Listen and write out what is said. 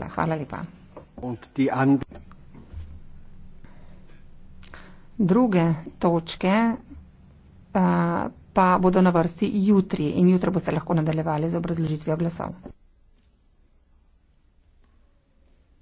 rekla. Hvala lepa. Druge točke uh, pa bodo na vrsti jutri in jutri boste lahko nadaljevali z obrazložitvijo glasov.